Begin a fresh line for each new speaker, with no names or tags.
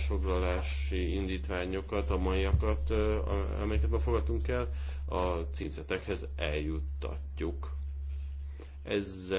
állásfoglalási indítványokat, a maiakat, amelyeket befogadtunk el, a címzetekhez eljuttatjuk. Ezzel